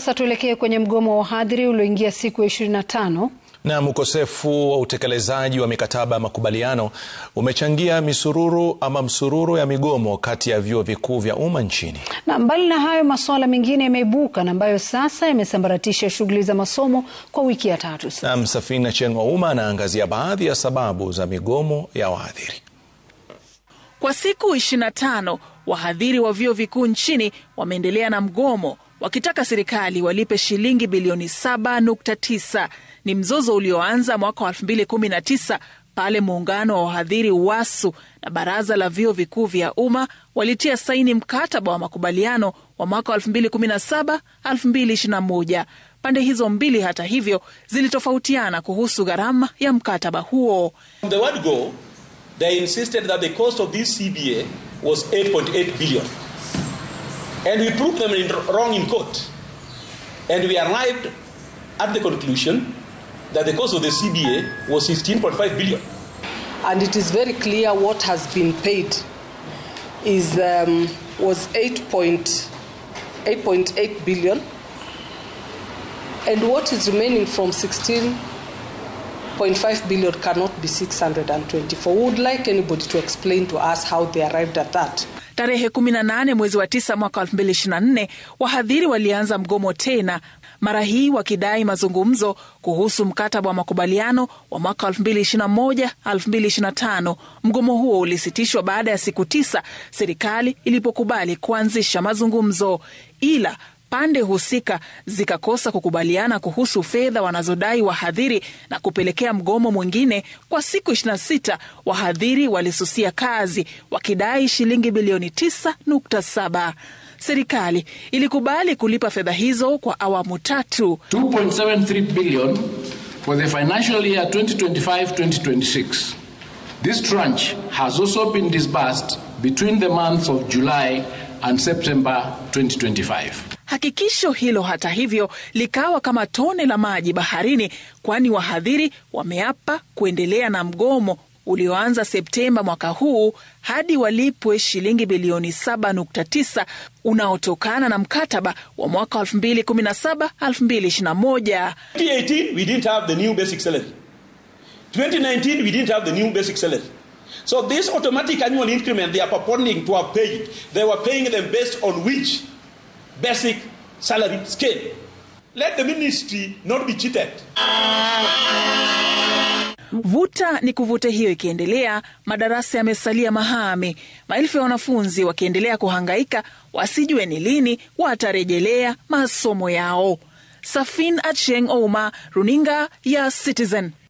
sasa tuelekee kwenye mgomo wa wahadhiri ulioingia siku ya tano. Naam, ukosefu wa utekelezaji wa mikataba ya makubaliano umechangia misururu ama msururu ya migomo kati ya vyuo vikuu vya umma nchini. Na mbali na hayo, masuala mengine yameibuka na ambayo sasa yamesambaratisha shughuli za masomo kwa wiki ya tatu sasa. Naam, Safina Cheng Ouma anaangazia baadhi ya sababu za migomo ya wahadhiri. Kwa siku 25 wahadhiri wa vyuo vikuu nchini wameendelea na mgomo wakitaka serikali walipe shilingi bilioni 7.9. Ni mzozo ulioanza mwaka wa 2019 pale muungano wa wahadhiri WASU na baraza la vyuo vikuu vya umma walitia saini mkataba wa makubaliano wa mwaka wa 2017 2021. Pande hizo mbili hata hivyo zilitofautiana kuhusu gharama ya mkataba huo. From the word go, they insisted that the cost of this CBA was 8.8 billion. And we proved them in, wrong in court. And we arrived at the conclusion that the cost of the CBA was 16.5 billion. And it is very clear what has been paid is um, was 8.8 billion, and what is remaining from 16.5 billion cannot be 624. We would like anybody to explain to us how they arrived at that. Tarehe 18 mwezi wa 9 mwaka 2024 wahadhiri walianza mgomo tena, mara hii wakidai mazungumzo kuhusu mkataba wa makubaliano wa mwaka 2021 2025. Mgomo huo ulisitishwa baada ya siku tisa serikali ilipokubali kuanzisha mazungumzo ila pande husika zikakosa kukubaliana kuhusu fedha wanazodai wahadhiri na kupelekea mgomo mwingine. Kwa siku 26 wahadhiri walisusia kazi wakidai shilingi bilioni 9.7. Serikali ilikubali kulipa fedha hizo kwa awamu tatu. 2.73 billion for the financial year 2025-2026. This tranche has also been disbursed between the months of July and September 2025. Hakikisho hilo hata hivyo likawa kama tone la maji baharini, kwani wahadhiri wameapa kuendelea na mgomo ulioanza Septemba mwaka huu hadi walipwe shilingi bilioni 7.9 unaotokana na mkataba wa mwaka 2017 2021. 2018 we didn't have the new basic salary. 2019 we didn't have the new basic salary. So this automatic annual increment they are purporting to have paid, they were paying them based on which basic salary scale. Let the ministry not be cheated. Vuta ni kuvute hiyo ikiendelea, madarasa yamesalia mahame, maelfu ya wanafunzi wakiendelea kuhangaika wasijue ni lini watarejelea masomo yao. Safin Acheng Ouma, runinga ya Citizen.